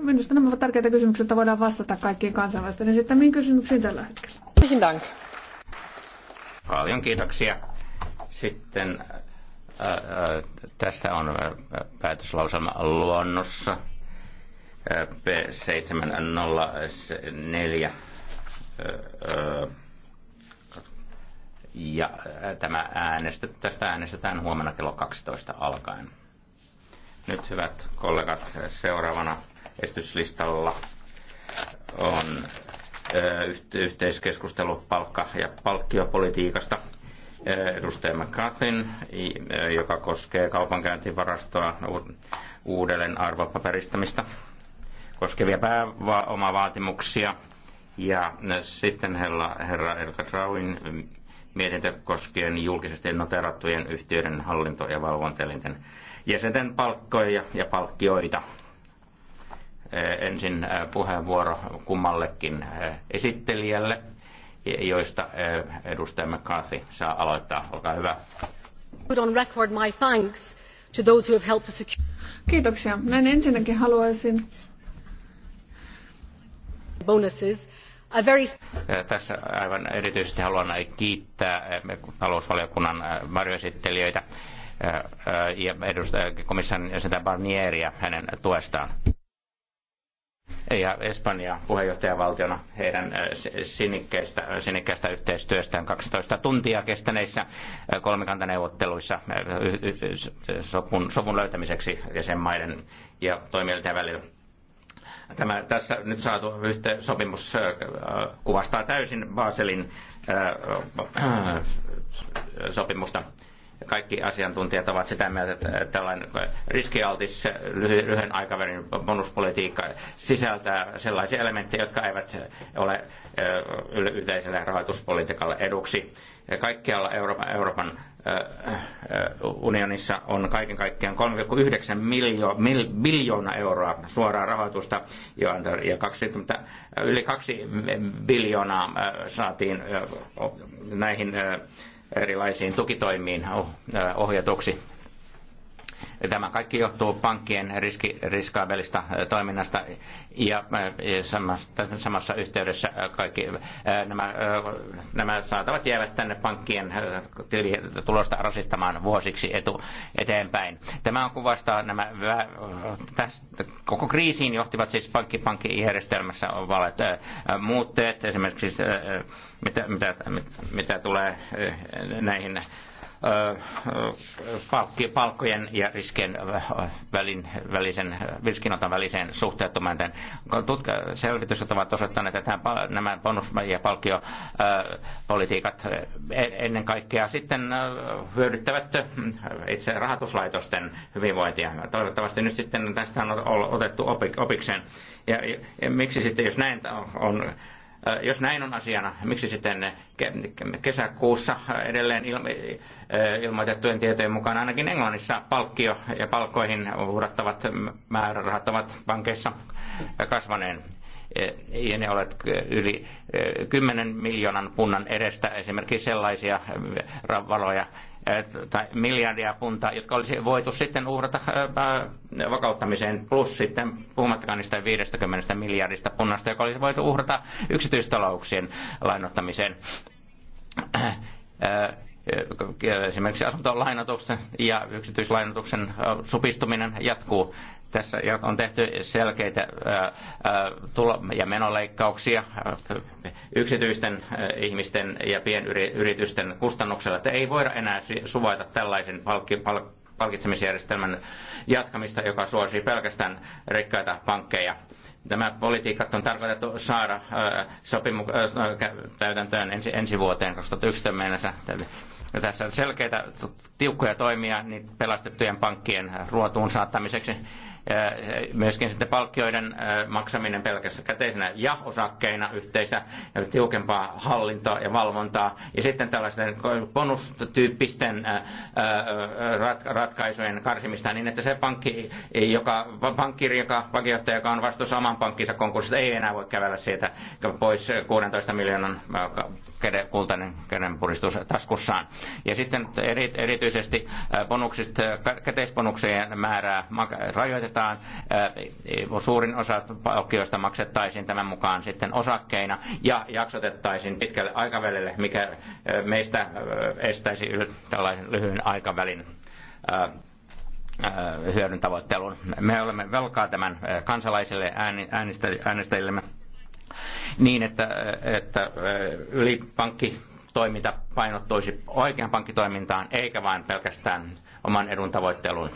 Minusta nämä ovat tärkeitä kysymyksiä, että voidaan vastata kaikkiin kansalaisten esittämiin kysymyksiin tällä hetkellä. Dank. Paljon kiitoksia. Sitten ää, äh, ää, äh, tästä on äh, päätöslauselma luonnossa P704 ja tämä äänestä tästä äänestetään huomenna kello 12 alkaen. Nyt hyvät kollegat, seuraavana esityslistalla on yhteiskeskustelu palkka- ja palkkiopolitiikasta edustaja McCarthyn, joka koskee kaupankäyntivarastoa uudelleen arvopaperistamista koskevia pääomavaatimuksia. Ja sitten herra, herra Elka Trauin mietintö koskien julkisesti noterattujen yhtiöiden hallinto- ja valvontaelinten jäsenten palkkoja ja palkkioita ensin puheenvuoro kummallekin esittelijälle, joista edustaja McCarthy saa aloittaa. Olkaa hyvä. Put on record my thanks to those who have helped to secure... Kiitoksia. Näin ensinnäkin haluaisin... Bonuses. A very... Tässä aivan erityisesti haluan kiittää talousvaliokunnan varjoesittelijöitä ja edustaja komission jäsentä Barnieria hänen tuestaan ja Espanja puheenjohtajavaltiona heidän äh, sinikkeistä, äh, sinikkeistä yhteistyöstään 12 tuntia kestäneissä äh, kolmikantaneuvotteluissa sopun, sopun löytämiseksi jäsenmaiden ja toimijoiden välillä. Tämä tässä nyt saatu sopimus kuvastaa täysin Baselin sopimusta kaikki asiantuntijat ovat sitä mieltä, että tällainen riskialtis lyhyen aikavälin bonuspolitiikka sisältää sellaisia elementtejä, jotka eivät ole yhteiselle rahoituspolitiikalle eduksi. Kaikkialla Euroopan, Euroopan unionissa on kaiken kaikkiaan 3,9 miljo, mil, biljoona euroa suoraa rahoitusta ja 20, yli 2 biljoonaa saatiin näihin erilaisiin tukitoimiin oh, äh, ohjatuksi Tämä kaikki johtuu pankkien riski, riskaavelista toiminnasta ja samasta, samassa yhteydessä kaikki nämä, nämä saatavat jäävät tänne pankkien tulosta rasittamaan vuosiksi etu, eteenpäin. Tämä on kuvasta nämä tästä, koko kriisiin johtivat siis pankki, pankkijärjestelmässä olevat muutteet, esimerkiksi mitä, mitä, mitä tulee näihin palkkojen ja riskien välin, välisen, riskinoton väliseen suhteettomaan. Tutka, selvitykset ovat osoittaneet, että nämä bonus- ja palkkiopolitiikat ennen kaikkea sitten hyödyttävät itse rahoituslaitosten hyvinvointia. Toivottavasti nyt sitten tästä on otettu opikseen. Ja, ja miksi sitten, jos näin on jos näin on asiana, miksi sitten kesäkuussa edelleen ilmoitettujen tietojen mukaan ainakin Englannissa palkkio ja palkkoihin uhrattavat määrärahat ovat pankeissa kasvaneen? E, ja ne olet yli 10 miljoonan punnan edestä esimerkiksi sellaisia valoja, tai miljardia puntaa, jotka olisi voitu sitten uhrata äh, äh, vakauttamiseen, plus sitten puhumattakaan niistä 50 miljardista punnasta, joka olisi voitu uhrata yksityistalouksien lainottamiseen äh, esimerkiksi asuntolainotuksen ja yksityislainotuksen supistuminen jatkuu. Tässä on tehty selkeitä tulo- ja menoleikkauksia yksityisten ihmisten ja pienyritysten kustannuksella. Että ei voida enää suvaita tällaisen palkki, palkitsemisjärjestelmän jatkamista, joka suosii pelkästään rikkaita pankkeja tämä politiikka on tarkoitettu saada sopimu- täytäntöön ensi, ensi vuoteen 2011 mennessä. Ja tässä on selkeitä, tiukkoja toimia niin pelastettujen pankkien ruotuun saattamiseksi myöskin sitten palkkioiden maksaminen pelkästään käteisenä ja osakkeina yhteensä tiukempaa hallintoa ja valvontaa. Ja sitten tällaisten bonustyyppisten ratkaisujen karsimista niin, että se pankki, joka, pankkiri, joka, pankinjohtaja, joka on vastuussa oman pankkinsa konkurssista, ei enää voi kävellä siitä pois 16 miljoonan kultainen kädenpuristus taskussaan. Ja sitten erityisesti bonuksista, käteisbonuksien määrää rajoitetaan maksetaan, suurin osa palkkioista maksettaisiin tämän mukaan sitten osakkeina ja jaksotettaisiin pitkälle aikavälille, mikä meistä estäisi tällaisen lyhyen aikavälin hyödyn tavoittelun. Me olemme velkaa tämän kansalaisille äänestäjillemme niin, että, että pankki toiminta painottuisi oikean pankkitoimintaan, eikä vain pelkästään oman edun tavoitteluun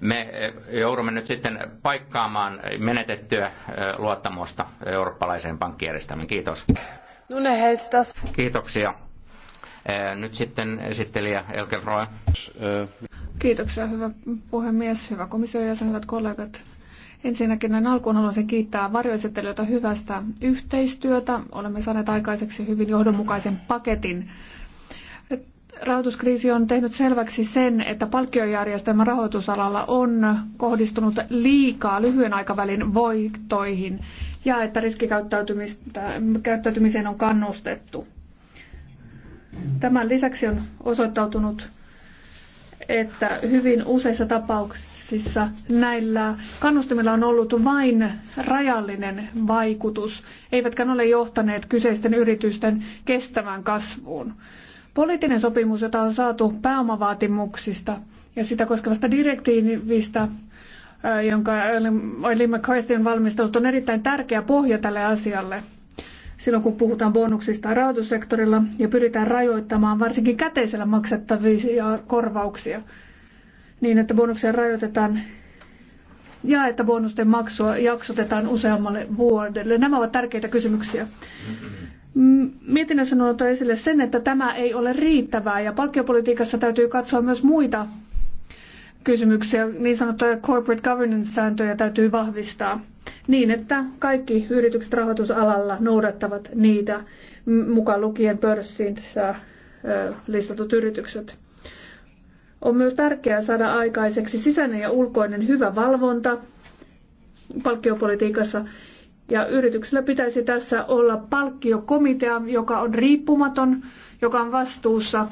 me eh, joudumme nyt sitten paikkaamaan menetettyä eh, luottamusta eurooppalaiseen pankkijärjestelmään. Kiitos. Nune Kiitoksia. Eh, nyt sitten esittelijä Elke Roy. Kiitoksia, hyvä puhemies, hyvä komissio ja hyvät kollegat. Ensinnäkin näin alkuun haluaisin kiittää varjoesittelijöitä hyvästä yhteistyötä. Olemme saaneet aikaiseksi hyvin johdonmukaisen paketin Rahoituskriisi on tehnyt selväksi sen, että palkkiojärjestelmä rahoitusalalla on kohdistunut liikaa lyhyen aikavälin voittoihin ja että riskikäyttäytymiseen on kannustettu. Tämän lisäksi on osoittautunut, että hyvin useissa tapauksissa näillä kannustimilla on ollut vain rajallinen vaikutus, eivätkä ne ole johtaneet kyseisten yritysten kestävään kasvuun. Poliittinen sopimus, jota on saatu pääomavaatimuksista ja sitä koskevasta direktiivistä, jonka Eileen McCarthy on valmistellut, on erittäin tärkeä pohja tälle asialle silloin, kun puhutaan bonuksista rahoitussektorilla ja pyritään rajoittamaan varsinkin käteisellä maksettavia korvauksia niin, että bonuksia rajoitetaan ja että bonusten maksua jaksotetaan useammalle vuodelle. Nämä ovat tärkeitä kysymyksiä. Mietinnössä on ollut esille sen, että tämä ei ole riittävää ja palkkiopolitiikassa täytyy katsoa myös muita kysymyksiä. Niin sanottuja corporate governance-sääntöjä täytyy vahvistaa niin, että kaikki yritykset rahoitusalalla noudattavat niitä mukaan lukien pörssissä listatut yritykset. On myös tärkeää saada aikaiseksi sisäinen ja ulkoinen hyvä valvonta palkkiopolitiikassa ja yrityksellä pitäisi tässä olla palkkiokomitea, joka on riippumaton, joka on vastuussa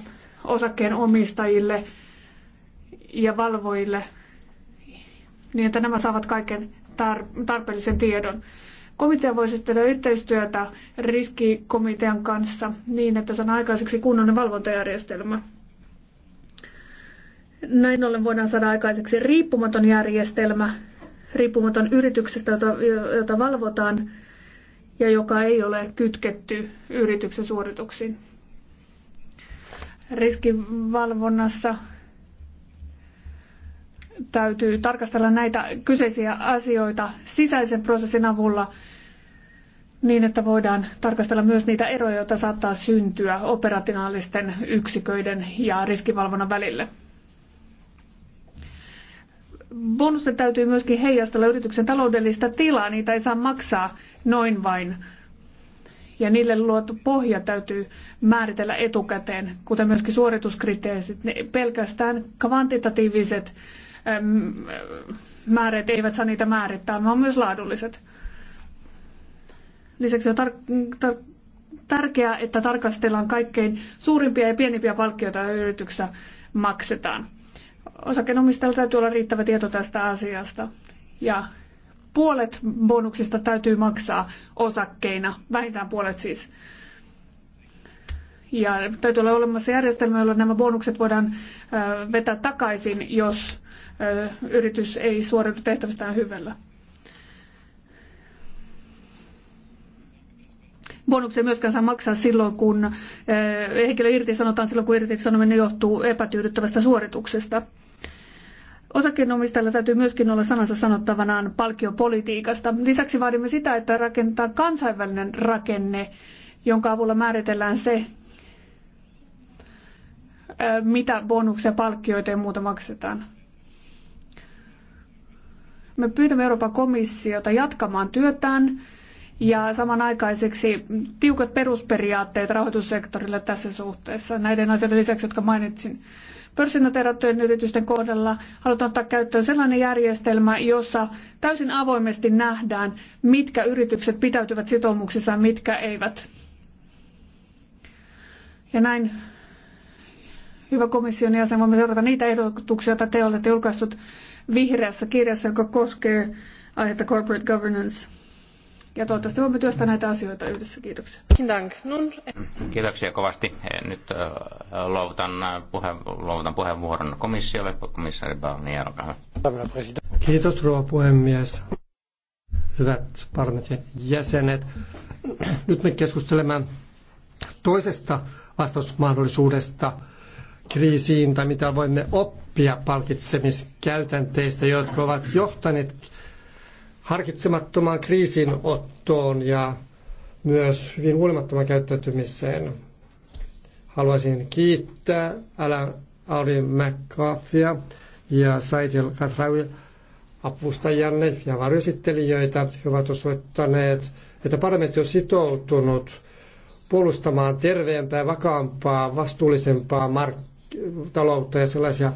osakkeen omistajille ja valvojille, niin että nämä saavat kaiken tarpeellisen tiedon. Komitea voisi tehdä yhteistyötä riskikomitean kanssa niin, että saadaan aikaiseksi kunnollinen valvontajärjestelmä. Näin ollen voidaan saada aikaiseksi riippumaton järjestelmä, riippumaton yrityksestä, jota, jota valvotaan ja joka ei ole kytketty yrityksen suorituksiin. Riskivalvonnassa täytyy tarkastella näitä kyseisiä asioita sisäisen prosessin avulla niin, että voidaan tarkastella myös niitä eroja, joita saattaa syntyä operationaalisten yksiköiden ja riskivalvonnan välille bonusten täytyy myöskin heijastella yrityksen taloudellista tilaa, niitä ei saa maksaa noin vain. Ja niille luotu pohja täytyy määritellä etukäteen, kuten myöskin suorituskriteerit. pelkästään kvantitatiiviset määreet eivät saa niitä määrittää, vaan myös laadulliset. Lisäksi on tar- tärkeää, että tarkastellaan kaikkein suurimpia ja pienimpiä palkkioita yrityksessä maksetaan osakkeenomistajalla täytyy olla riittävä tieto tästä asiasta. Ja puolet bonuksista täytyy maksaa osakkeina, vähintään puolet siis. Ja täytyy olla olemassa järjestelmä, jolla nämä bonukset voidaan vetää takaisin, jos yritys ei suoriudu tehtävästään hyvällä. bonuksia myöskään saa maksaa silloin, kun eh, henkilö irtisanotaan silloin, kun irtisanominen johtuu epätyydyttävästä suorituksesta. Osakkeenomistajalla täytyy myöskin olla sanansa sanottavanaan palkkiopolitiikasta. Lisäksi vaadimme sitä, että rakentaa kansainvälinen rakenne, jonka avulla määritellään se, eh, mitä bonuksia, palkkioita ja muuta maksetaan. Me pyydämme Euroopan komissiota jatkamaan työtään ja samanaikaiseksi tiukat perusperiaatteet rahoitussektorille tässä suhteessa näiden asioiden lisäksi, jotka mainitsin. pörssinoteerattujen yritysten kohdalla halutaan ottaa käyttöön sellainen järjestelmä, jossa täysin avoimesti nähdään, mitkä yritykset pitäytyvät sitoumuksissa ja mitkä eivät. Ja näin, hyvä komission jäsen, voimme seurata niitä ehdotuksia, joita te olette julkaissut vihreässä kirjassa, joka koskee aihetta corporate governance. Ja toivottavasti voimme työstää näitä asioita yhdessä. Kiitoksia. Kiitoksia kovasti. Eh, nyt luovutan, puheen, luovutan puheenvuoron komissiolle. Komissaari Barnier, olkaa hyvä. Kiitos, rouva puhemies. Hyvät parlamentin jäsenet. Nyt me keskustelemme toisesta vastausmahdollisuudesta kriisiin tai mitä voimme oppia palkitsemiskäytänteistä, jotka ovat johtaneet harkitsemattomaan kriisinottoon ja myös hyvin huolimattomaan käyttäytymiseen. Haluaisin kiittää Alan Audin McCarthyä ja Saitil Katrawi apustajanne ja varjoesittelijöitä. He ovat osoittaneet, että parlamentti on sitoutunut puolustamaan terveempää, vakaampaa, vastuullisempaa mark- taloutta ja sellaisia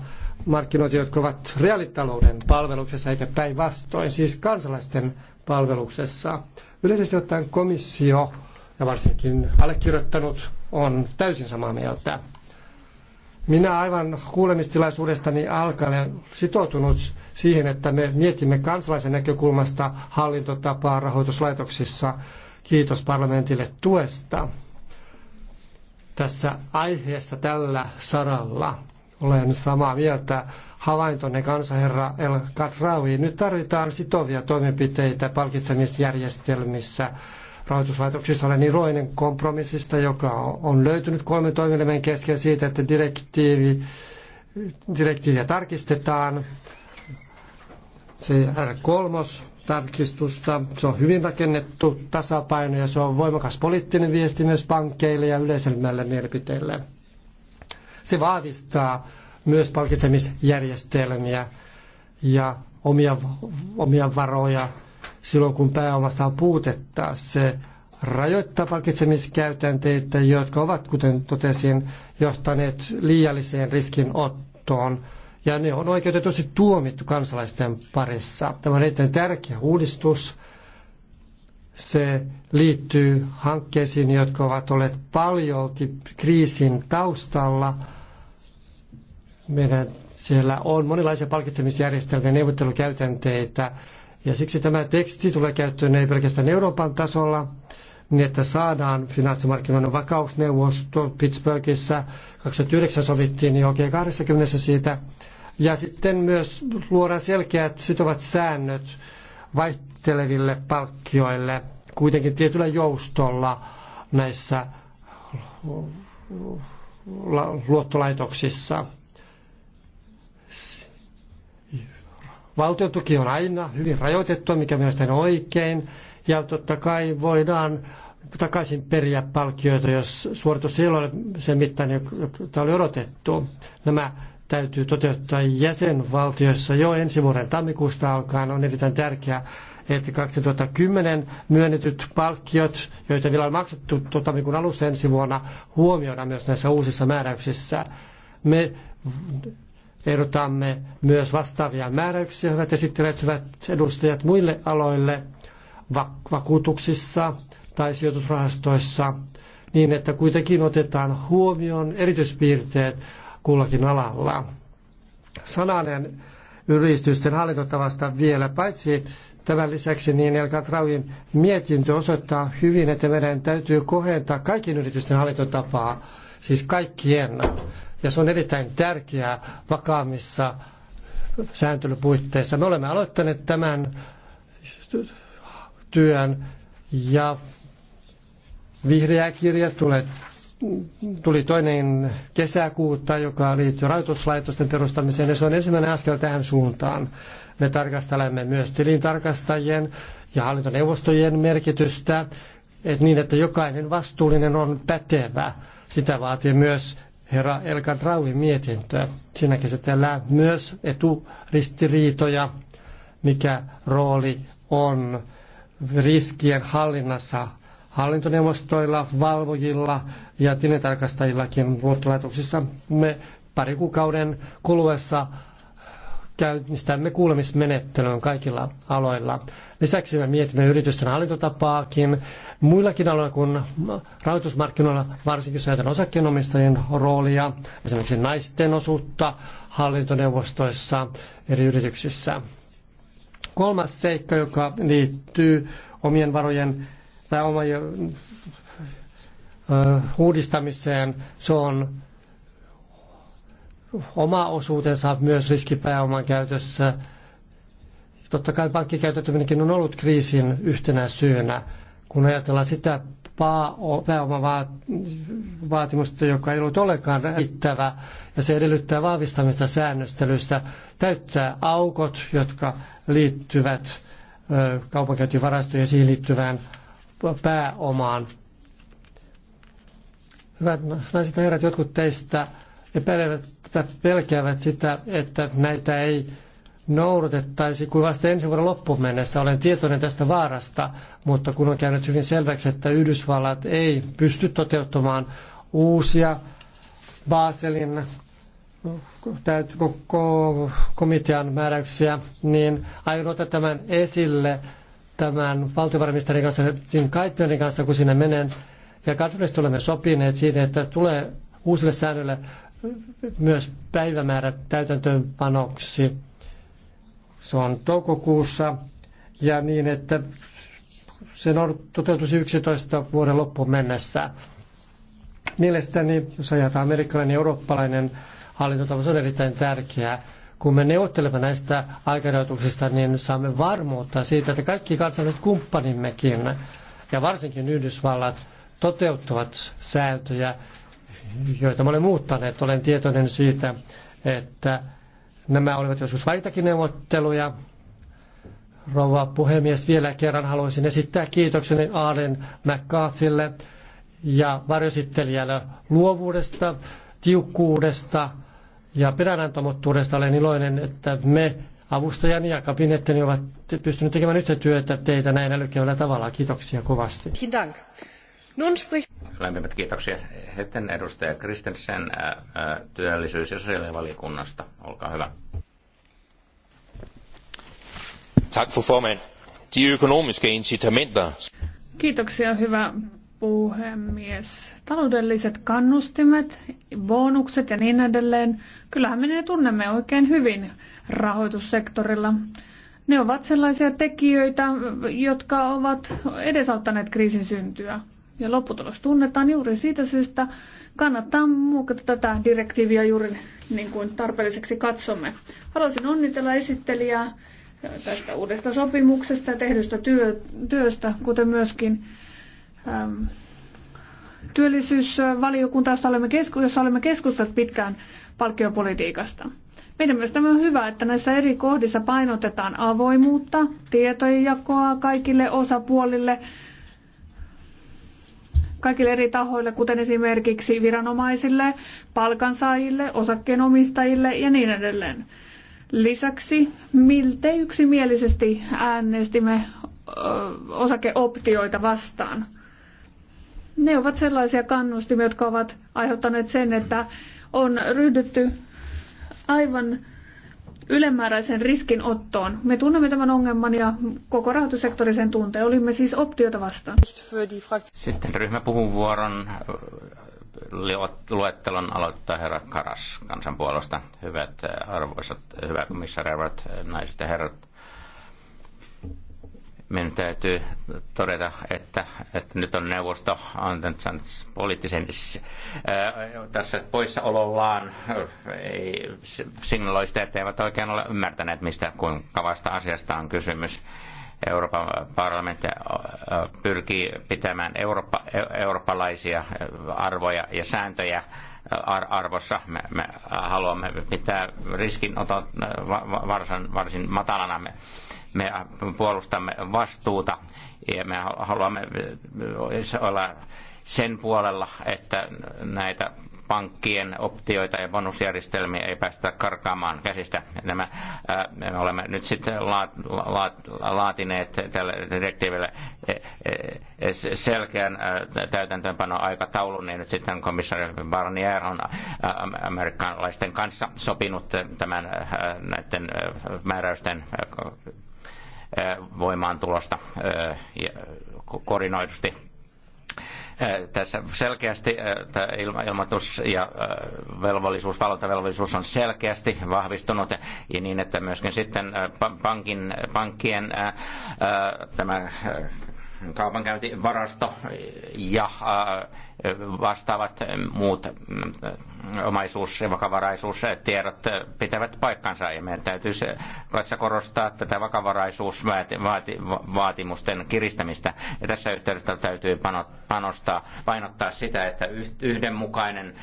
markkinoita, jotka ovat reaalitalouden palveluksessa eikä päinvastoin, siis kansalaisten palveluksessa. Yleisesti ottaen komissio ja varsinkin allekirjoittanut on täysin samaa mieltä. Minä aivan kuulemistilaisuudestani alkaen sitoutunut siihen, että me mietimme kansalaisen näkökulmasta hallintotapaa rahoituslaitoksissa. Kiitos parlamentille tuesta tässä aiheessa tällä saralla. Olen samaa mieltä havaintonne kanssa, herra El Kadrawi. Nyt tarvitaan sitovia toimenpiteitä palkitsemisjärjestelmissä. Rahoituslaitoksissa olen iloinen kompromissista, joka on löytynyt kolmen toimielimen kesken siitä, että direktiivi, direktiiviä tarkistetaan. CR3 tarkistusta. Se on hyvin rakennettu tasapaino ja se on voimakas poliittinen viesti myös pankkeille ja yleisemmälle mielipiteelle. Se vahvistaa myös palkitsemisjärjestelmiä ja omia, omia varoja silloin, kun pääomasta on puutetta. Se rajoittaa palkitsemiskäytänteitä, jotka ovat, kuten totesin, johtaneet liialliseen riskinottoon. Ja ne on oikeutetusti tuomittu kansalaisten parissa. Tämä on erittäin tärkeä uudistus. Se liittyy hankkeisiin, jotka ovat olleet paljolti kriisin taustalla – meidän siellä on monenlaisia palkitsemisjärjestelmiä, neuvottelukäytänteitä, ja siksi tämä teksti tulee käyttöön ei pelkästään Euroopan tasolla, niin että saadaan finanssimarkkinoiden vakausneuvosto Pittsburghissa 2009 sovittiin niin oikein 20 siitä. Ja sitten myös luodaan selkeät sitovat säännöt vaihteleville palkkioille, kuitenkin tietyllä joustolla näissä luottolaitoksissa valtiontuki on aina hyvin rajoitettua, mikä mielestäni on oikein. Ja totta kai voidaan takaisin periä palkkioita, jos suoritus ei ole se mittainen, jota oli odotettu. Nämä täytyy toteuttaa jäsenvaltioissa jo ensi vuoden tammikuusta alkaen. On erittäin tärkeää, että 2010 myönnetyt palkkiot, joita vielä on maksettu tammikuun alussa ensi vuonna, huomioidaan myös näissä uusissa määräyksissä. Me Ehdotamme myös vastaavia määräyksiä, hyvät esittelijät, hyvät edustajat, muille aloille vakuutuksissa tai sijoitusrahastoissa, niin että kuitenkin otetaan huomioon erityispiirteet kullakin alalla. Sananen yritysten hallintotavasta vielä, paitsi tämän lisäksi niin Elka Trauin mietintö osoittaa hyvin, että meidän täytyy kohentaa kaikkien yritysten hallintotapaa siis kaikkien. Ja se on erittäin tärkeää vakaamissa sääntelypuitteissa. Me olemme aloittaneet tämän työn ja vihreä kirja tulee, tuli toinen kesäkuuta, joka liittyy rahoituslaitosten perustamiseen ja se on ensimmäinen askel tähän suuntaan. Me tarkastelemme myös tilintarkastajien ja hallintoneuvostojen merkitystä, että niin, että jokainen vastuullinen on pätevä sitä vaatii myös herra Elka Drauvin mietintö. Siinä käsitellään myös eturistiriitoja, mikä rooli on riskien hallinnassa hallintoneuvostoilla, valvojilla ja tilintarkastajillakin luottolaitoksissa. Me pari kuukauden kuluessa käynnistämme kuulemismenettelyn kaikilla aloilla. Lisäksi me mietimme yritysten hallintotapaakin, muillakin aloilla kuin rahoitusmarkkinoilla, varsinkin jos ajatellaan osakkeenomistajien roolia, esimerkiksi naisten osuutta hallintoneuvostoissa eri yrityksissä. Kolmas seikka, joka liittyy omien varojen pääomien uudistamiseen, se on oma osuutensa myös riskipääoman käytössä. Totta kai pankkikäyttäytyminenkin on ollut kriisin yhtenä syynä kun ajatellaan sitä pääomavaatimusta, joka ei ollut ollenkaan riittävä, ja se edellyttää vahvistamista säännöstelystä, täyttää aukot, jotka liittyvät kaupankäyntivarastojen ja siihen liittyvään pääomaan. Hyvät naiset ja herrat, jotkut teistä pelkäävät sitä, että näitä ei noudatettaisiin, kuin vasta ensi vuoden loppuun mennessä. Olen tietoinen tästä vaarasta, mutta kun on käynyt hyvin selväksi, että Yhdysvallat ei pysty toteuttamaan uusia Baselin komitean määräyksiä, niin aion ottaa tämän esille tämän valtiovarainministerin kanssa, Jim kanssa, kun sinne menen. Ja kansallisesti olemme sopineet siitä, että tulee uusille säännöille myös päivämäärä täytäntöönpanoksi se on toukokuussa ja niin, että se toteutus 11 vuoden loppuun mennessä. Mielestäni, jos ajataan amerikkalainen ja eurooppalainen hallintotapa, se on erittäin tärkeää. Kun me neuvottelemme näistä aikarajoituksista, niin saamme varmuutta siitä, että kaikki kansalliset kumppanimmekin ja varsinkin Yhdysvallat toteuttavat sääntöjä, joita me olemme muuttaneet. Olen tietoinen siitä, että Nämä olivat joskus vaitakin neuvotteluja. Rouva puhemies, vielä kerran haluaisin esittää kiitokseni Aaden McCarthylle ja varjosittelijälle luovuudesta, tiukkuudesta ja peräänantamottuudesta. Olen iloinen, että me avustajani ja kabinettini ovat pystyneet tekemään yhtä työtä teitä näin älykkäyllä tavalla. Kiitoksia kovasti. Kiitos lämpimät kiitoksia. heten edustaja Kristensen työllisyys- ja sosiaalivaliokunnasta. Olkaa hyvä. Tack för formen. De ekonomiska incitamenter. Kiitoksia, hyvä puhemies. Taloudelliset kannustimet, bonukset ja niin edelleen. Kyllähän me ne tunnemme oikein hyvin rahoitussektorilla. Ne ovat sellaisia tekijöitä, jotka ovat edesauttaneet kriisin syntyä ja lopputulos tunnetaan juuri siitä syystä, kannattaa muokata tätä direktiiviä juuri niin kuin tarpeelliseksi katsomme. Haluaisin onnitella esittelijää tästä uudesta sopimuksesta ja tehdystä työ, työstä, kuten myöskin äm, työllisyysvaliokunta, jossa olemme, kesku, jossa olemme keskustat pitkään palkkiopolitiikasta. Meidän mielestämme on hyvä, että näissä eri kohdissa painotetaan avoimuutta, tietojen jakoa kaikille osapuolille, kaikille eri tahoille, kuten esimerkiksi viranomaisille, palkansaajille, osakkeenomistajille ja niin edelleen. Lisäksi miltei yksimielisesti äänestimme osakeoptioita vastaan. Ne ovat sellaisia kannustimia, jotka ovat aiheuttaneet sen, että on ryhdytty aivan ylimääräisen riskin ottoon. Me tunnemme tämän ongelman ja koko rahoitussektori sen tuntee. Olimme siis optiota vastaan. Sitten ryhmäpuhuvuoron äh, luettelon aloittaa herra Karas kansanpuolosta. Hyvät äh, arvoisat, hyvä komissaari, naiset ja herrat Minun täytyy todeta, että, että nyt on neuvosto antanut poliittisen tässä poissaolollaan ei, signaloi sitä, että eivät oikein ole ymmärtäneet, mistä kuin kavasta asiasta on kysymys. Euroopan parlamentti pyrkii pitämään eurooppa, e, eurooppalaisia arvoja ja sääntöjä arvossa. Me, me haluamme pitää riskinoton varsin, varsin matalana. Me, me puolustamme vastuuta ja me haluamme äh, olla sen puolella, että näitä pankkien optioita ja bonusjärjestelmiä ei päästä karkaamaan käsistä. Nämä, ää, äh, me olemme nyt sitten laat, laat, laatineet tälle direktiiville äh, selkeän täytäntöönpanoaikataulun, niin nyt sitten komissaari Barnier on amerikkalaisten kanssa sopinut tämän näiden määräysten voimaantulosta koordinoidusti tässä selkeästi tämä ilmoitus ja velvollisuus, valvontavelvollisuus on selkeästi vahvistunut ja niin, että myöskin sitten pankin, pankkien tämä kaupankäyntivarasto ja vastaavat muut mm, omaisuus- ja vakavaraisuustiedot pitävät paikkansa ja meidän täytyy tässä korostaa tätä vakavaraisuusvaatimusten kiristämistä. Ja tässä yhteydessä täytyy panostaa, painottaa sitä, että yhdenmukainen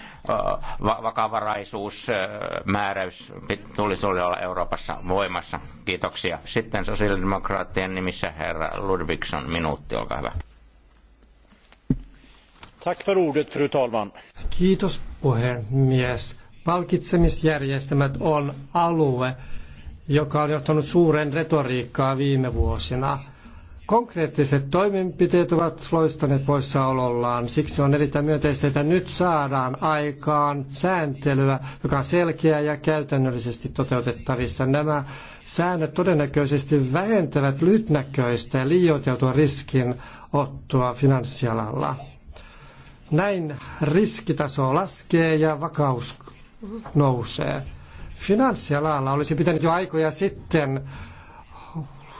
vakavaraisuusmääräys tulisi olla Euroopassa voimassa. Kiitoksia. Sitten sosiaalidemokraattien nimissä herra Ludvigson minuutti, olkaa hyvä. Fru talman. Kiitos puhemies. Palkitsemisjärjestelmät on alue, joka on johtanut suuren retoriikkaa viime vuosina. Konkreettiset toimenpiteet ovat loistaneet poissaolollaan. Siksi on erittäin myönteistä, että nyt saadaan aikaan sääntelyä, joka on selkeää ja käytännöllisesti toteutettavissa. Nämä säännöt todennäköisesti vähentävät lyhytnäköistä ja liioiteltua riskinottoa finanssialalla. Näin riskitaso laskee ja vakaus nousee. Finanssialalla olisi pitänyt jo aikoja sitten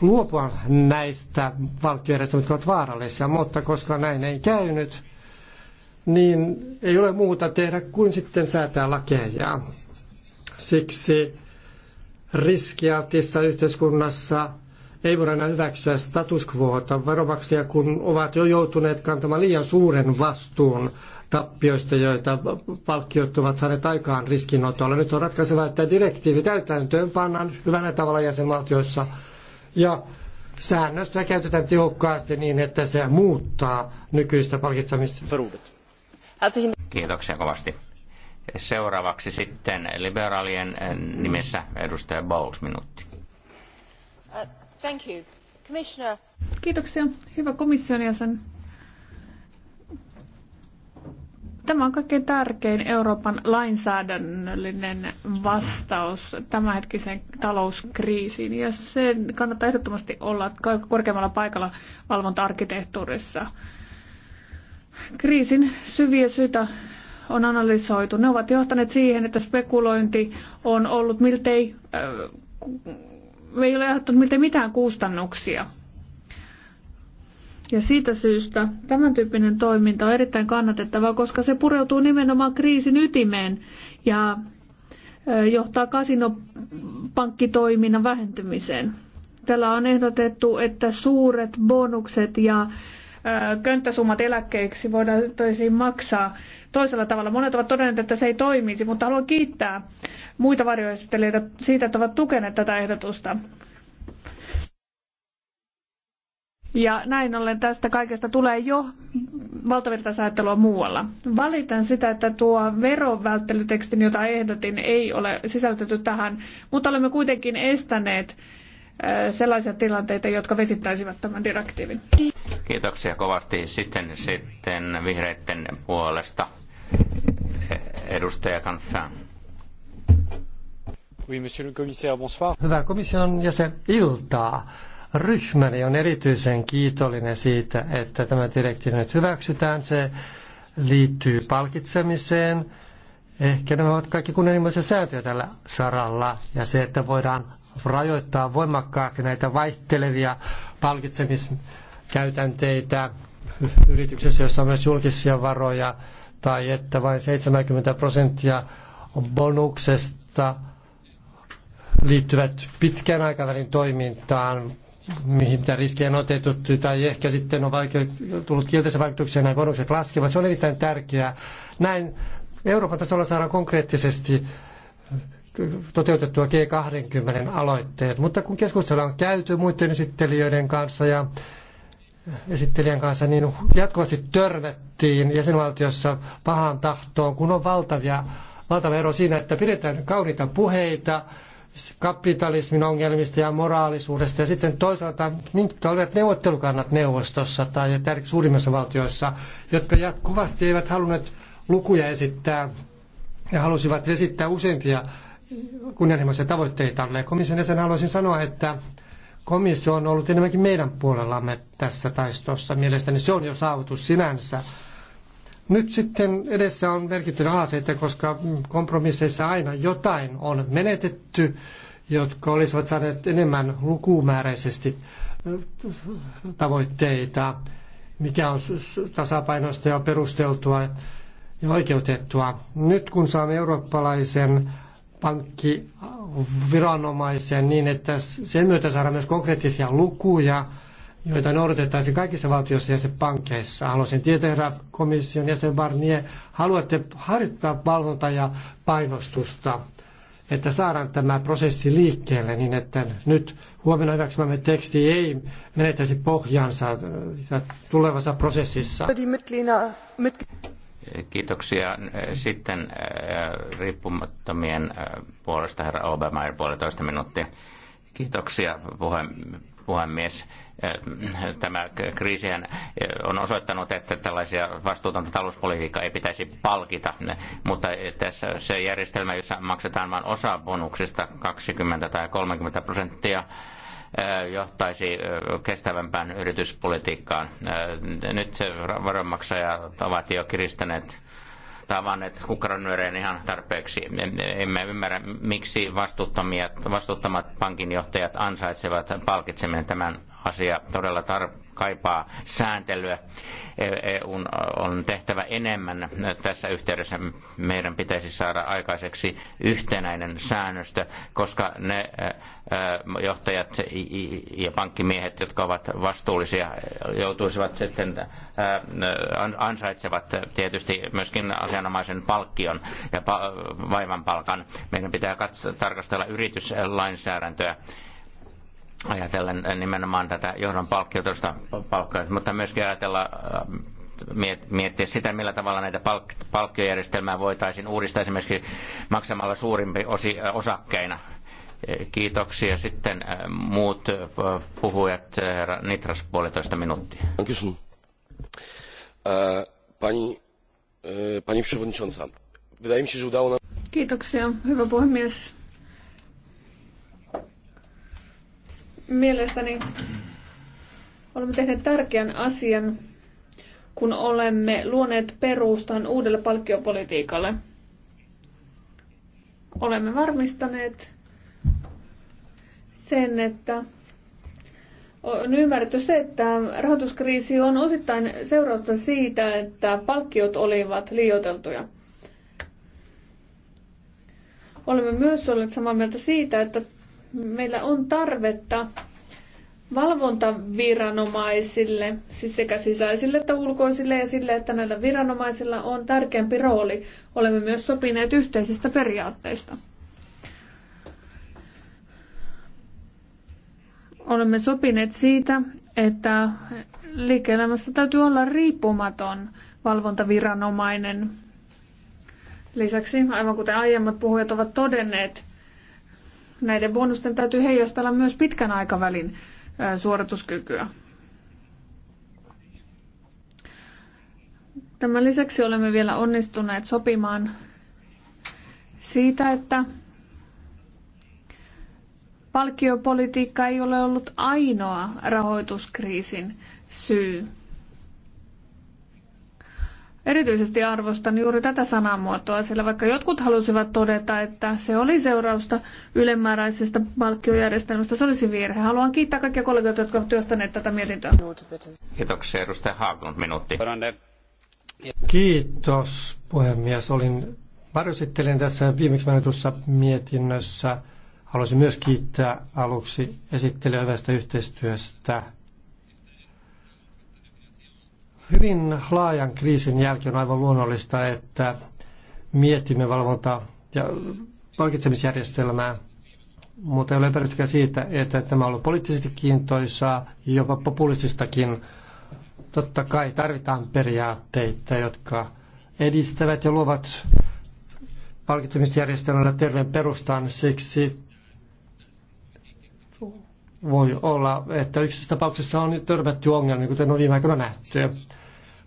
luopua näistä valtiojärjestelmistä, jotka ovat vaarallisia, mutta koska näin ei käynyt, niin ei ole muuta tehdä kuin sitten säätää lakeja. Siksi riskialtissa yhteiskunnassa ei voida enää hyväksyä status quota varomaksia, kun ovat jo joutuneet kantamaan liian suuren vastuun tappioista, joita palkkiot ovat saaneet aikaan riskinotolla. Nyt on ratkaisevaa, että direktiivi täytäntöön pannaan hyvänä tavalla jäsenvaltioissa ja säännöstöä käytetään tehokkaasti niin, että se muuttaa nykyistä palkitsemista. Kiitoksia kovasti. Seuraavaksi sitten liberaalien nimissä edustaja Bowles minuutti. Kiitoksia. Hyvä komission jäsen. Tämä on kaikkein tärkein Euroopan lainsäädännöllinen vastaus tämänhetkiseen talouskriisiin ja sen kannattaa ehdottomasti olla korkeammalla paikalla valvonta-arkkitehtuurissa. Kriisin syviä syitä on analysoitu. Ne ovat johtaneet siihen, että spekulointi on ollut miltei äh, me ei ole aiheuttanut miltä mitään kustannuksia. Ja siitä syystä tämän tyyppinen toiminta on erittäin kannatettavaa, koska se pureutuu nimenomaan kriisin ytimeen ja johtaa kasinopankkitoiminnan vähentymiseen. Tällä on ehdotettu, että suuret bonukset ja könttäsummat eläkkeeksi voidaan toisiin maksaa toisella tavalla. Monet ovat todenneet, että se ei toimisi, mutta haluan kiittää muita varjoesittelijöitä siitä, että ovat tukeneet tätä ehdotusta. Ja näin ollen tästä kaikesta tulee jo valtavirtaisajattelua muualla. Valitan sitä, että tuo verovälttelytekstin, jota ehdotin, ei ole sisältetty tähän, mutta olemme kuitenkin estäneet sellaisia tilanteita, jotka vesittäisivät tämän direktiivin. Kiitoksia kovasti. Sitten, sitten vihreiden puolesta edustaja Kanfan. Hyvä komission jäsen, iltaa. Ryhmäni on erityisen kiitollinen siitä, että tämä direktiivi nyt hyväksytään. Se liittyy palkitsemiseen. Ehkä nämä ovat kaikki kunnianhimoisia säätöjä tällä saralla ja se, että voidaan rajoittaa voimakkaasti näitä vaihtelevia palkitsemiskäytänteitä yrityksessä, jossa on myös julkisia varoja, tai että vain 70 prosenttia bonuksesta liittyvät pitkän aikavälin toimintaan, mihin mitä riskejä on otettu tai ehkä sitten on vaikea, tullut kielteisiä vaikutuksia, näin bonukset laskevat. Se on erittäin tärkeää. Näin Euroopan tasolla saadaan konkreettisesti toteutettua G20-aloitteet, mutta kun keskustelua on käyty muiden esittelijöiden kanssa ja esittelijän kanssa, niin jatkuvasti törmättiin jäsenvaltiossa pahan tahtoon, kun on valtavia, valtava ero siinä, että pidetään kauniita puheita, kapitalismin ongelmista ja moraalisuudesta ja sitten toisaalta mitkä olivat neuvottelukannat neuvostossa tai suurimmissa valtioissa, jotka jatkuvasti eivät halunneet lukuja esittää ja halusivat esittää useampia kunnianhimoisia tavoitteitamme. Komission jäsen haluaisin sanoa, että komissio on ollut enemmänkin meidän puolellamme tässä taistossa. Mielestäni se on jo saavutus sinänsä. Nyt sitten edessä on merkittävä haasteita, koska kompromisseissa aina jotain on menetetty, jotka olisivat saaneet enemmän lukumääräisesti äh, tavoitteita, mikä on tasapainoista ja perusteltua ja oikeutettua. Nyt kun saamme eurooppalaisen pankkiviranomaisen niin, että sen myötä saadaan myös konkreettisia lukuja, joita noudatettaisiin kaikissa valtioissa ja pankkeissa. Haluaisin tietää, herra komission jäsen Barnier, haluatte harjoittaa valvontaa ja painostusta, että saadaan tämä prosessi liikkeelle niin, että nyt huomenna hyväksymämme teksti ei menettäisi pohjansa äh, tulevassa prosessissa. Kiitoksia. Sitten äh, riippumattomien äh, puolesta herra Obermeier puolitoista minuuttia. Kiitoksia puhemies puhemies. Äh, tämä kriisi äh, on osoittanut, että tällaisia vastuutonta talouspolitiikkaa ei pitäisi palkita, mutta äh, tässä se järjestelmä, jossa maksetaan vain osa bonuksista 20 tai 30 prosenttia, johtaisi kestävämpään yrityspolitiikkaan. Nyt veronmaksajat ovat jo kiristäneet tavanneet kukkaronyöreen ihan tarpeeksi. Emme ymmärrä, miksi vastuuttomat pankinjohtajat ansaitsevat palkitsemaan Tämän asia todella tar- kaipaa sääntelyä. EU e-, e-, on tehtävä enemmän tässä yhteydessä. Meidän pitäisi saada aikaiseksi yhtenäinen säännöstö, koska ne e-, johtajat ja pankkimiehet, jotka ovat vastuullisia, joutuisivat sitten ansaitsevat tietysti myöskin asianomaisen palkkion ja vaivan palkan. Meidän pitää katso, tarkastella yrityslainsäädäntöä ajatellen äh, nimenomaan tätä johdon palkkiotusta palkkoja, mutta myöskin ajatella äh, miettiä sitä, millä tavalla näitä palk- palkkiojärjestelmää voitaisiin uudistaa esimerkiksi maksamalla suurimpi osi, äh, osakkeina. Kiitoksia. Sitten muut puhujat, Nitras, puolitoista minuuttia. Pani, pani Kiitoksia, hyvä puhemies. mielestäni olemme tehneet tärkeän asian, kun olemme luoneet perustan uudelle palkkiopolitiikalle. Olemme varmistaneet sen, että on ymmärretty se, että rahoituskriisi on osittain seurausta siitä, että palkkiot olivat liioiteltuja. Olemme myös olleet samaa mieltä siitä, että meillä on tarvetta valvontaviranomaisille, siis sekä sisäisille että ulkoisille, ja sille, että näillä viranomaisilla on tärkeämpi rooli. Olemme myös sopineet yhteisistä periaatteista. Olemme sopineet siitä, että liike-elämässä täytyy olla riippumaton valvontaviranomainen. Lisäksi, aivan kuten aiemmat puhujat ovat todenneet, näiden bonusten täytyy heijastella myös pitkän aikavälin suorituskykyä. Tämän lisäksi olemme vielä onnistuneet sopimaan siitä, että palkkiopolitiikka ei ole ollut ainoa rahoituskriisin syy Erityisesti arvostan juuri tätä sanamuotoa, sillä vaikka jotkut halusivat todeta, että se oli seurausta ylimääräisestä palkkiojärjestelmästä, se olisi virhe. Haluan kiittää kaikkia kollegoita, jotka ovat työstäneet tätä mietintöä. Kiitoksia, edustaja Haaglund, minuutti. Kiitos, puhemies. Olin varjosittelen tässä viimeksi mainitussa mietinnössä. Haluaisin myös kiittää aluksi esittelyä yhteistyöstä Hyvin laajan kriisin jälkeen on aivan luonnollista, että mietimme valvonta- ja palkitsemisjärjestelmää, mutta ei ole epäilystäkään siitä, että tämä on ollut poliittisesti kiintoisaa, jopa populististakin. Totta kai tarvitaan periaatteita, jotka edistävät ja luovat palkitsemisjärjestelmällä terveen perustan. Siksi voi olla, että yksissä tapauksissa on törmätty ongelmia, kuten on viime aikoina nähty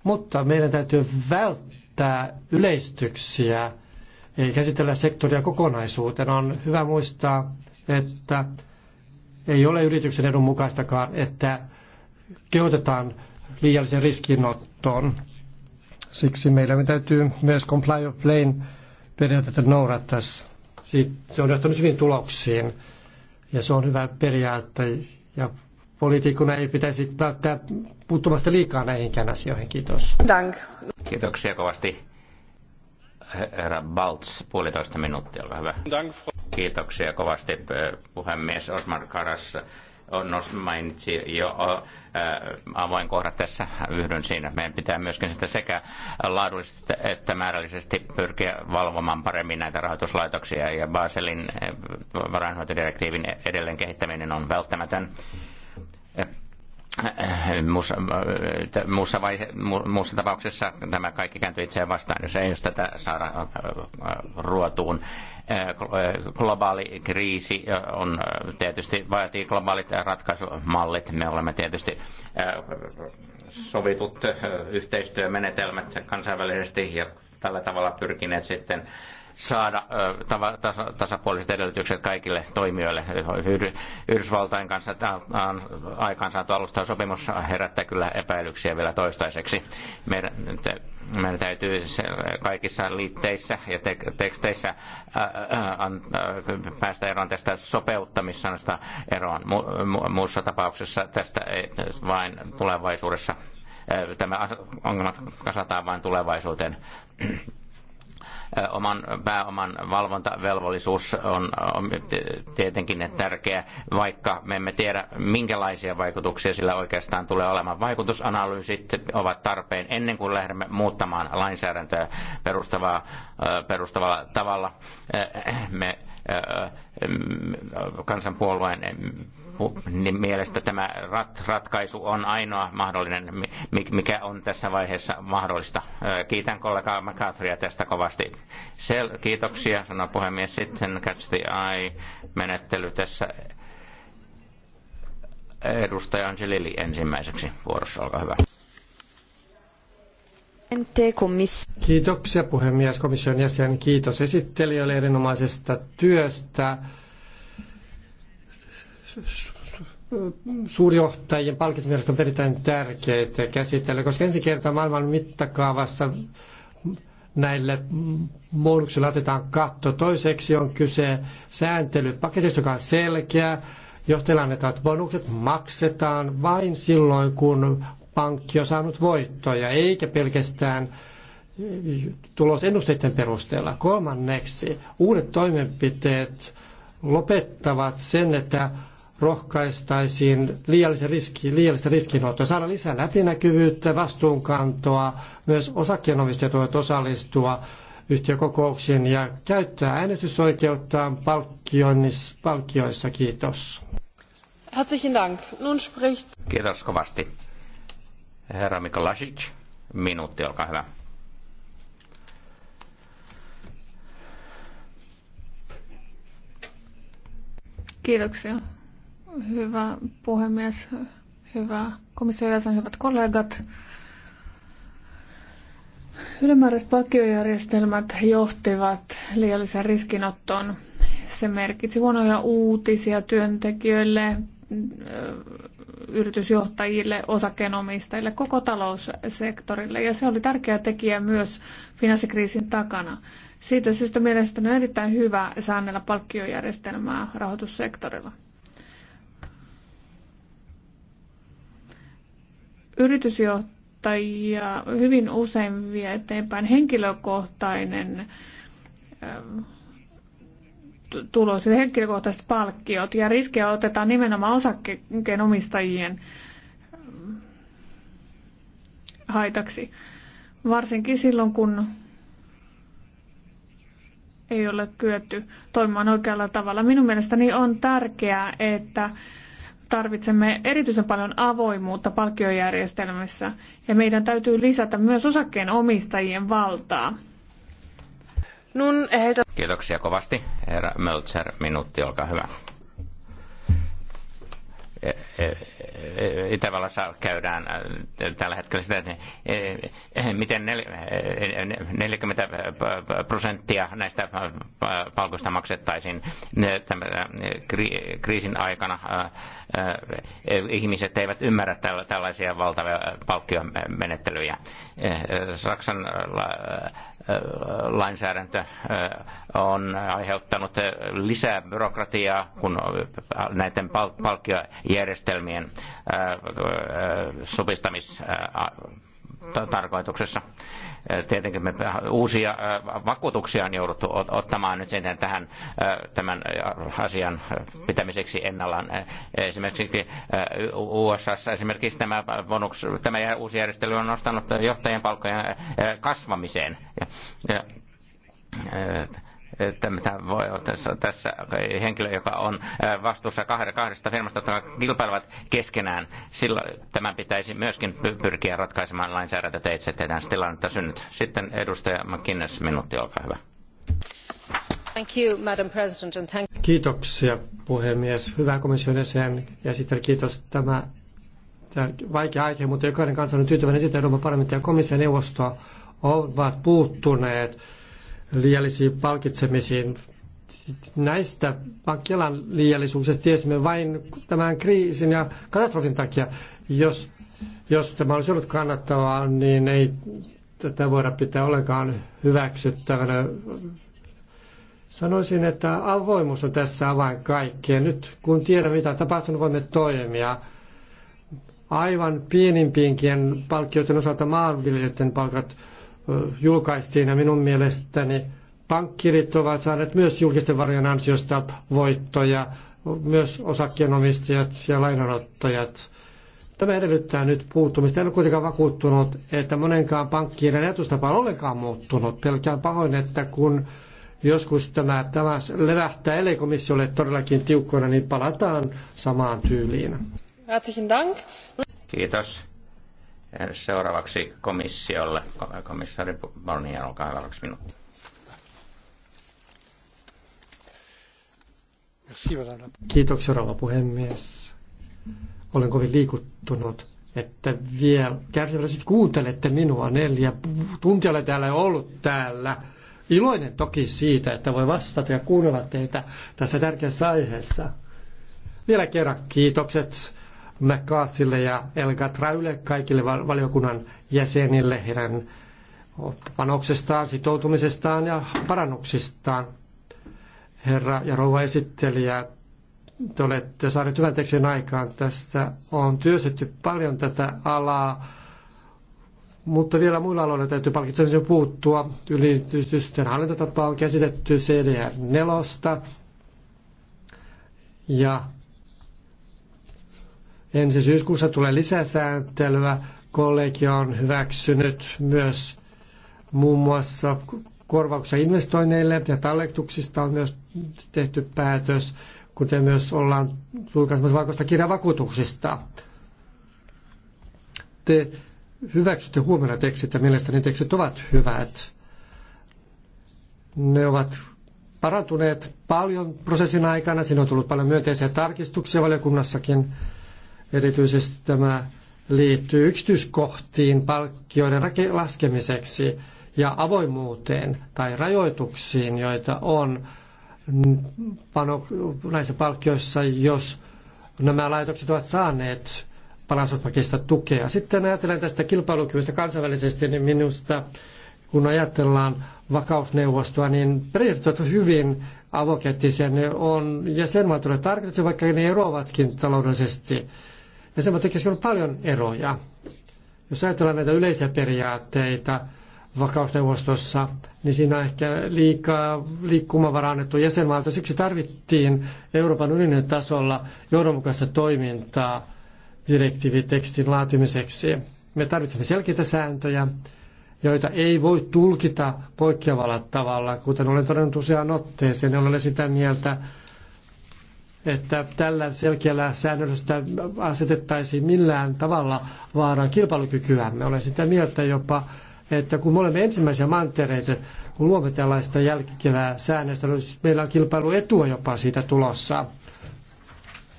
mutta meidän täytyy välttää yleistyksiä, ei käsitellä sektoria kokonaisuutena. On hyvä muistaa, että ei ole yrityksen edun mukaistakaan, että kehotetaan liiallisen riskinottoon. Siksi meillä täytyy myös comply of plane periaatteita noudattaa. Se on johtanut hyvin tuloksiin ja se on hyvä periaate ja poliitikkona ei pitäisi välttää puuttumasta liikaa näihinkään asioihin. Kiitos. Dank. Kiitoksia kovasti. Herra Baltz, puolitoista minuuttia, olkaa hyvä. Dank. Kiitoksia kovasti eh, puhemies Osmar Karas On mainitsi jo eh, kohdat tässä, yhdyn siinä. Meidän pitää myöskin sitä sekä laadullisesti että määrällisesti pyrkiä valvomaan paremmin näitä rahoituslaitoksia ja Baselin eh, varainhoitodirektiivin edelleen kehittäminen on välttämätön. Muussa, muussa, vaihe, muussa tapauksessa tämä kaikki kääntyy itseään vastaan, jos ei jos tätä saada äh, äh, ruotuun. Äh, globaali kriisi on tietysti vaatii globaalit ratkaisumallit. Me olemme tietysti sovitut yhteistyömenetelmät kansainvälisesti ja tällä tavalla pyrkineet sitten saada tasapuoliset edellytykset kaikille toimijoille. Yhdysvaltain kanssa aikaansaatu alusta sopimus herättää kyllä epäilyksiä vielä toistaiseksi. Meidän, täytyy kaikissa liitteissä ja teksteissä päästä eroon tästä sopeuttamissanasta eroon. muussa tapauksessa tästä ei vain tulevaisuudessa tämä ongelmat kasataan vain tulevaisuuteen oman pääoman valvontavelvollisuus on, on tietenkin tärkeä, vaikka me emme tiedä minkälaisia vaikutuksia sillä oikeastaan tulee olemaan. Vaikutusanalyysit ovat tarpeen ennen kuin lähdemme muuttamaan lainsäädäntöä perustavaa, perustavalla tavalla. Me kansanpuolueen niin mielestä tämä rat, ratkaisu on ainoa mahdollinen, mikä on tässä vaiheessa mahdollista. Kiitän kollega McCarthyä tästä kovasti. Sel, kiitoksia, sanoi puhemies. Sitten catch the eye-menettely tässä. Edustaja Angelili ensimmäiseksi vuorossa, olkaa hyvä. Kiitoksia puhemies komission jäsen. Kiitos esittelijöille erinomaisesta työstä suurjohtajien palkitsemisjärjestelmät on erittäin tärkeitä käsitellä, koska ensi kertaa maailman mittakaavassa näille muodoksille asetetaan katto. Toiseksi on kyse sääntelypaketista, joka on selkeä. Johtajille annetaan bonukset, maksetaan vain silloin, kun pankki on saanut voittoja, eikä pelkästään tulosennusteiden perusteella. Kolmanneksi, uudet toimenpiteet lopettavat sen, että rohkaistaisiin liiallisen, riski, liiallisen riskinottoa, saada lisää läpinäkyvyyttä, vastuunkantoa, myös osakkeenomistajat voivat osallistua yhtiökokouksiin ja käyttää äänestysoikeuttaan palkkioissa. Kiitos. Herzlichen Dank. Nun spricht... Kiitos kovasti. Herra Mikolasic, minuutti, olkaa hyvä. Kiitoksia. Hyvä puhemies, hyvä komission jäsen, hyvät kollegat. Ylimääräiset palkkiojärjestelmät johtivat liiallisen riskinottoon. Se merkitsi huonoja uutisia työntekijöille, yritysjohtajille, osakenomistajille, koko taloussektorille. Ja se oli tärkeä tekijä myös finanssikriisin takana. Siitä syystä mielestäni on erittäin hyvä säännellä palkkiojärjestelmää rahoitussektorilla. yritysjohtajia hyvin usein vie eteenpäin henkilökohtainen tulos ja henkilökohtaiset palkkiot ja riskejä otetaan nimenomaan osakkeenomistajien haitaksi. Varsinkin silloin, kun ei ole kyetty toimimaan oikealla tavalla. Minun mielestäni on tärkeää, että tarvitsemme erityisen paljon avoimuutta palkkiojärjestelmissä ja meidän täytyy lisätä myös osakkeen omistajien valtaa. Nun, heitä. Kiitoksia kovasti. Herra Möltser, minuutti, olkaa hyvä. E- e- e- Itävallassa käydään äh, tällä hetkellä sitä, että äh, äh, miten 40 prosenttia näistä palkoista maksettaisiin kriisin aikana ihmiset eivät ymmärrä tällaisia valtavia palkkiomenettelyjä. Saksan lainsäädäntö on aiheuttanut lisää byrokratiaa, kun näiden palkkiojärjestelmien supistamis tarkoituksessa. Tietenkin me uusia vakuutuksia on jouduttu ottamaan nyt sitten tähän tämän asian pitämiseksi ennallaan. Esimerkiksi USA esimerkiksi tämä, bonus, tämä uusi järjestely on nostanut johtajien palkkojen kasvamiseen. Ja, ja, voi tässä, tässä henkilö, joka on vastuussa kahdesta firmasta, jotka kilpailevat keskenään, sillä tämän pitäisi myöskin pyrkiä ratkaisemaan lainsäädäntöteitse, että tehdään tilannetta synnyt. Sitten edustaja McKinnes, minuutti, olkaa hyvä. Thank you, Madam President, and thank... Kiitoksia puhemies. Hyvä komission jäsen ja sitten kiitos tämä, tämä vaikea aihe, mutta jokainen kansallinen tyytyväinen sitä Euroopan parlamentti ja komission neuvosto ovat puuttuneet liiallisiin palkitsemisiin. Näistä Kelan liiallisuuksista tiesimme vain tämän kriisin ja katastrofin takia. Jos, jos tämä olisi ollut kannattavaa, niin ei tätä voida pitää ollenkaan hyväksyttävänä. Sanoisin, että avoimuus on tässä avain kaikkeen. Nyt kun tiedämme, mitä on tapahtunut, voimme toimia aivan pienimpiinkin palkkioiden osalta maanviljelijöiden palkat julkaistiin ja minun mielestäni pankkirit ovat saaneet myös julkisten varojen ansiosta voittoja, myös osakkeenomistajat ja lainanottajat. Tämä edellyttää nyt puuttumista. En ole kuitenkaan vakuuttunut, että monenkaan pankkien ajatustapa on ollenkaan muuttunut. Pelkään pahoin, että kun joskus tämä, tämä levähtää, ellei komissiolle todellakin tiukkoina, niin palataan samaan tyyliin. Kiitos. Seuraavaksi komissiolle. Komissaari Barnier, olkaa hyvä, kaksi minuuttia. Kiitoksia, rouva puhemies. Olen kovin liikuttunut, että vielä kärsivällisesti kuuntelette minua. Neljä tuntia olen täällä ollut täällä. Iloinen toki siitä, että voi vastata ja kuunnella teitä tässä tärkeässä aiheessa. Vielä kerran kiitokset McCarthylle ja Elga Traylle, kaikille valiokunnan jäsenille heidän panoksestaan, sitoutumisestaan ja parannuksistaan. Herra ja rouva esittelijä, te olette saaneet hyvän tekstin aikaan. Tästä on työstetty paljon tätä alaa, mutta vielä muilla aloilla täytyy palkitsemisen puuttua. Yritysten hallintotapa on käsitetty CDR nelosta ja Ensi syyskuussa tulee lisäsääntelyä. Kollegio on hyväksynyt myös muun muassa korvauksia investoinneille ja talletuksista on myös tehty päätös, kuten myös ollaan julkaisemassa valkoista kirjavakuutuksista. Te hyväksytte huomenna tekstit ja mielestäni tekstit ovat hyvät. Ne ovat parantuneet paljon prosessin aikana. Siinä on tullut paljon myönteisiä tarkistuksia valiokunnassakin. Erityisesti tämä liittyy yksityiskohtiin palkkioiden laskemiseksi ja avoimuuteen tai rajoituksiin, joita on näissä palkkioissa, jos nämä laitokset ovat saaneet palasopakista tukea. Sitten ajatellen tästä kilpailukyvystä kansainvälisesti, niin minusta kun ajatellaan vakausneuvostoa, niin periaatteet ovat hyvin avokettisia. Ne on jäsenvaltioille tarkoitettu, vaikka ne eroavatkin taloudellisesti ja sen takia on paljon eroja. Jos ajatellaan näitä yleisiä periaatteita vakausneuvostossa, niin siinä ehkä liikaa liikkumavaraa annettu jäsenmaalta. Siksi tarvittiin Euroopan unionin tasolla johdonmukaista toimintaa direktiivitekstin laatimiseksi. Me tarvitsemme selkeitä sääntöjä, joita ei voi tulkita poikkeavalla tavalla, kuten olen todennut useaan otteeseen. Olen sitä mieltä, että tällä selkeällä säännöllistä asetettaisiin millään tavalla vaaraan kilpailukykyämme. Olen sitä mieltä jopa, että kun me olemme ensimmäisiä mantereita, kun luomme tällaista jälkikevää säännöstä, niin meillä on kilpailuetua jopa siitä tulossa.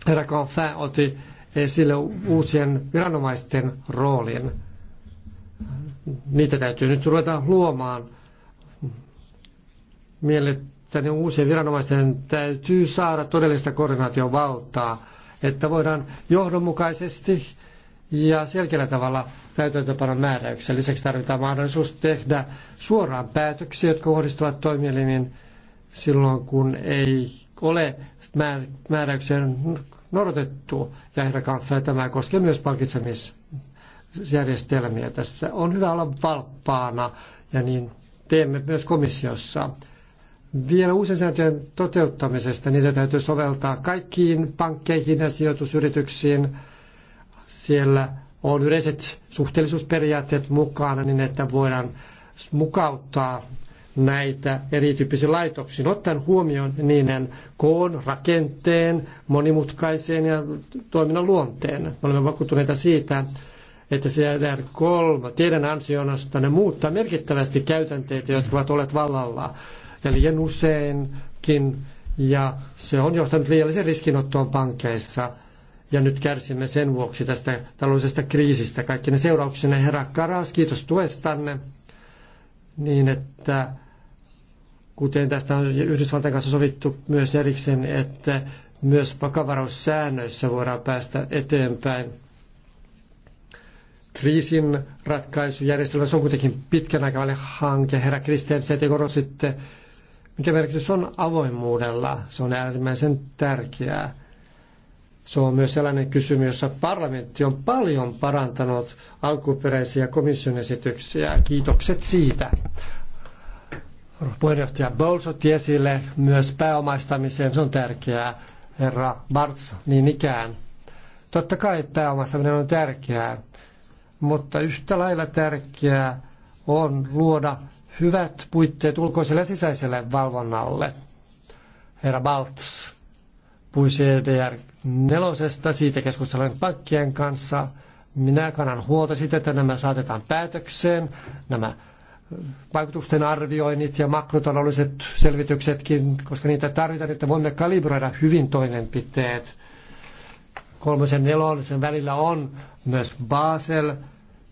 Herra Confin otti esille uusien viranomaisten roolin. Niitä täytyy nyt ruveta luomaan. Mielet ne uusien viranomaisten täytyy saada todellista koordinaatiovaltaa, että voidaan johdonmukaisesti ja selkeällä tavalla täytäntöpanon määräyksiä. Lisäksi tarvitaan mahdollisuus tehdä suoraan päätöksiä, jotka kohdistuvat toimielimiin silloin, kun ei ole määräyksen noudatettu. Ja herra Kampfe, tämä koskee myös palkitsemisjärjestelmiä. Tässä on hyvä olla valppaana ja niin teemme myös komissiossa vielä uusien sääntöjen toteuttamisesta. Niitä täytyy soveltaa kaikkiin pankkeihin ja sijoitusyrityksiin. Siellä on yleiset suhteellisuusperiaatteet mukana niin, että voidaan mukauttaa näitä erityyppisiin laitoksiin, ottaen huomioon niiden koon, rakenteen, monimutkaiseen ja toiminnan luonteen. Me olemme vakuuttuneita siitä, että CDR3 tiedon ansionasta ne muuttaa merkittävästi käytänteitä, jotka ovat olleet vallalla ja liian useinkin, ja se on johtanut liialliseen riskinottoon pankeissa. Ja nyt kärsimme sen vuoksi tästä taloudellisesta kriisistä. Kaikki ne seurauksena, herra Karas, kiitos tuestanne, niin että kuten tästä on Yhdysvaltain kanssa sovittu myös erikseen, että myös vakavaraussäännöissä voidaan päästä eteenpäin. Kriisin ratkaisujärjestelmä se on kuitenkin pitkän aikavälin hanke. Herra Kristensen, te korostitte mikä merkitys on avoimuudella? Se on äärimmäisen tärkeää. Se on myös sellainen kysymys, jossa parlamentti on paljon parantanut alkuperäisiä komission esityksiä. Kiitokset siitä. Puheenjohtaja Bowles otti esille myös pääomaistamiseen. Se on tärkeää. Herra Barts, niin ikään. Totta kai pääomaistaminen on tärkeää, mutta yhtä lailla tärkeää on luoda hyvät puitteet ulkoiselle ja sisäiselle valvonnalle. Herra Baltz puhui CDR nelosesta, siitä keskustellaan pankkien kanssa. Minä kannan huolta siitä, että nämä saatetaan päätökseen, nämä vaikutusten arvioinnit ja makrotaloudelliset selvityksetkin, koska niitä tarvitaan, että voimme kalibroida hyvin toimenpiteet. Kolmosen nelosen välillä on myös Basel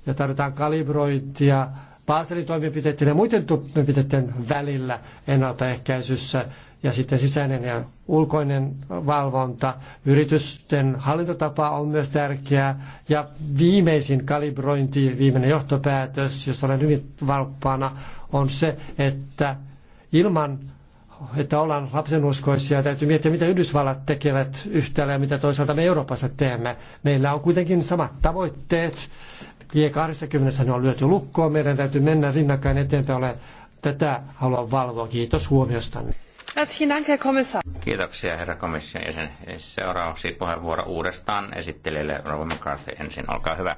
ja tarvitaan kalibrointia Baselin toimenpiteiden ja muiden toimenpiteiden välillä ennaltaehkäisyssä ja sitten sisäinen ja ulkoinen valvonta. Yritysten hallintotapa on myös tärkeää ja viimeisin kalibrointi, viimeinen johtopäätös, jos olen hyvin valppaana, on se, että ilman että ollaan lapsenuskoisia, täytyy miettiä, mitä Yhdysvallat tekevät yhtäällä ja mitä toisaalta me Euroopassa teemme. Meillä on kuitenkin samat tavoitteet, Tie 80 on lyöty lukkoon, meidän täytyy mennä rinnakkain eteenpäin. Ole tätä haluan valvoa. Kiitos huomiostanne. Kiitoksia herra komission jäsen. Seuraavaksi puheenvuoro uudestaan esittelijälle Rova McCarthy ensin. Olkaa hyvä.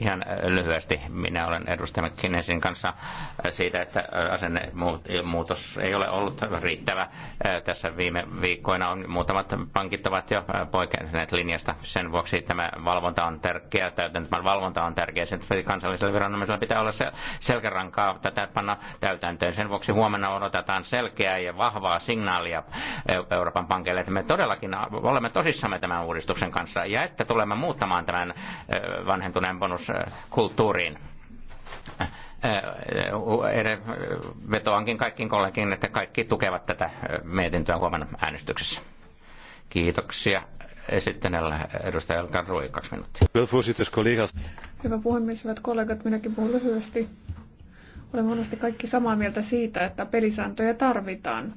Ihan äh, lyhyesti minä olen edustaja Kinesin kanssa äh, siitä, että äh, asennemuutos ei ole ollut riittävä. Tässä viime viikkoina on muutamat pankit ovat jo poikenneet linjasta. Sen vuoksi tämä valvonta on tärkeä täytäntömän valvonta on tärkeä Sen kansallisella viranomaisella pitää olla se selkärankaa tätä panna täytäntöön. Sen vuoksi huomenna odotetaan selkeää ja vahvaa signaalia Euroopan pankeille, että me todellakin olemme tosissamme tämän uudistuksen kanssa ja että tulemme muuttamaan tämän vanhentuneen kustannuskulttuuriin vetoankin kaikkiin kollegiin, että kaikki tukevat tätä mietintöä huomenna äänestyksessä. Kiitoksia. Sitten edustaja Elkan Rui, kaksi minuuttia. Hyvä puhemies, hyvät kollegat, minäkin puhun lyhyesti. Olen monesti kaikki samaa mieltä siitä, että pelisääntöjä tarvitaan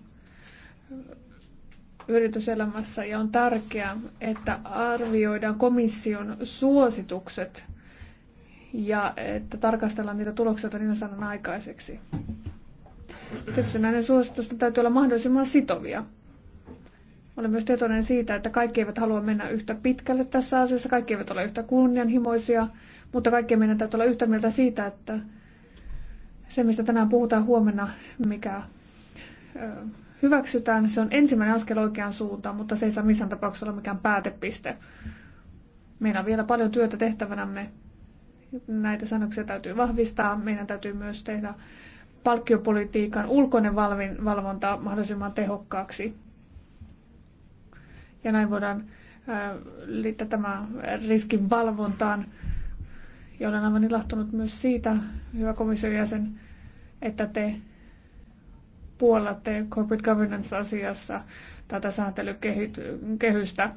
yrityselämässä ja on tärkeää, että arvioidaan komission suositukset ja että tarkastellaan niitä tuloksia, joita niillä saadaan aikaiseksi. Tietysti näiden suositusten täytyy olla mahdollisimman sitovia. Olen myös tietoinen siitä, että kaikki eivät halua mennä yhtä pitkälle tässä asiassa, kaikki eivät ole yhtä kunnianhimoisia, mutta kaikki meidän täytyy olla yhtä mieltä siitä, että se, mistä tänään puhutaan huomenna, mikä hyväksytään, se on ensimmäinen askel oikeaan suuntaan, mutta se ei saa missään tapauksessa olla mikään päätepiste. Meillä on vielä paljon työtä tehtävänämme Näitä sanoksia täytyy vahvistaa. Meidän täytyy myös tehdä palkkiopolitiikan ulkoinen valvonta mahdollisimman tehokkaaksi. Ja näin voidaan äh, liittää tämä riskin valvontaan. Ja olen aivan ilahtunut myös siitä, hyvä komission jäsen, että te puolatte corporate governance-asiassa tätä sääntelykehystä.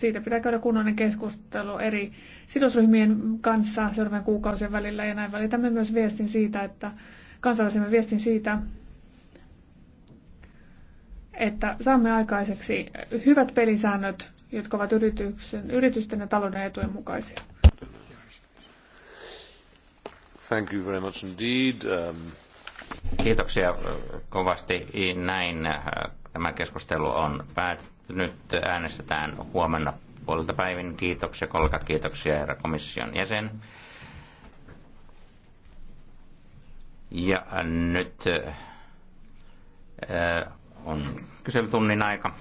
Siitä pitää käydä kunnollinen keskustelu eri sidosryhmien kanssa seuraavien kuukausien välillä ja näin välitämme myös viestin siitä, että kansalaisemme viestin siitä, että saamme aikaiseksi hyvät pelisäännöt, jotka ovat yrityksen, yritysten ja talouden etujen mukaisia. Thank you very much indeed. Um... Kiitoksia kovasti näin. Äh, tämä keskustelu on päättynyt nyt äänestetään huomenna puolelta päivin. Kiitoksia kolkat, kiitoksia herra komission jäsen. Ja nyt äh, on kyselytunnin aika.